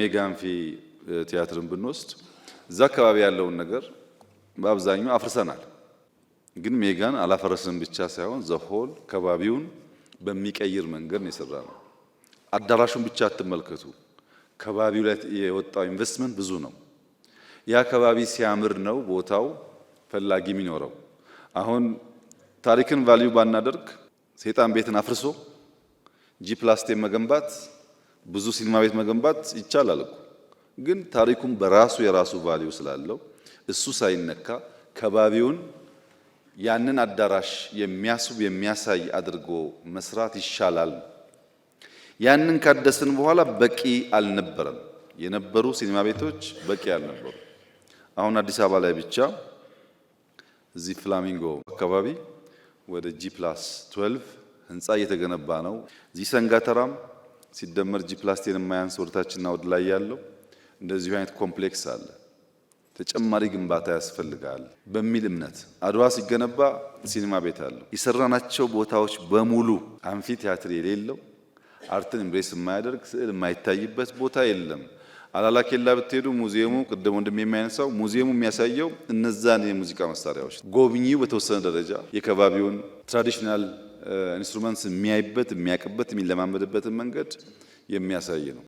ሜጋንፊ ቲያትርን ብንወስድ እዛ አካባቢ ያለውን ነገር በአብዛኛው አፍርሰናል። ግን ሜጋን አላፈረስንም ብቻ ሳይሆን ዘሆል ከባቢውን በሚቀይር መንገድ ነው የሰራ ነው። አዳራሹን ብቻ አትመልከቱ። ከባቢው ላይ የወጣው ኢንቨስትመንት ብዙ ነው። ያ ከባቢ ሲያምር ነው ቦታው ፈላጊ የሚኖረው። አሁን ታሪክን ቫልዩ ባናደርግ ሴጣን ቤትን አፍርሶ ጂ ፕላስቴን መገንባት ብዙ ሲኒማ ቤት መገንባት ይቻላል እኮ ግን ታሪኩም በራሱ የራሱ ቫሊዩ ስላለው እሱ ሳይነካ ከባቢውን ያንን አዳራሽ የሚያስብ የሚያሳይ አድርጎ መስራት ይሻላል። ያንን ካደስን በኋላ በቂ አልነበረም። የነበሩ ሲኒማ ቤቶች በቂ አልነበሩ። አሁን አዲስ አበባ ላይ ብቻ እዚህ ፍላሚንጎ አካባቢ ወደ ጂ ፕላስ 12 ህንፃ እየተገነባ ነው። እዚህ ሰንጋተራም ሲደመር ጂፕላስቴን የማያንስ ወደታችንና ወደ ላይ ያለው እንደዚሁ አይነት ኮምፕሌክስ አለ። ተጨማሪ ግንባታ ያስፈልጋል በሚል እምነት አድዋ ሲገነባ ሲኒማ ቤት አለው። የሰራናቸው ቦታዎች በሙሉ አንፊ ቲያትር የሌለው አርትን ኢምብሬስ የማያደርግ ስዕል የማይታይበት ቦታ የለም። አላላ ብትሄዱ ሙዚየሙ ቅድም ወንድም የሚያነሳው ሙዚየሙ የሚያሳየው እነዛን የሙዚቃ መሳሪያዎች ጎብኚው በተወሰነ ደረጃ የከባቢውን ትራዲሽናል ኢንስትሩመንትስ የሚያይበት የሚያቅበት የሚለማመድበትን መንገድ የሚያሳይ ነው።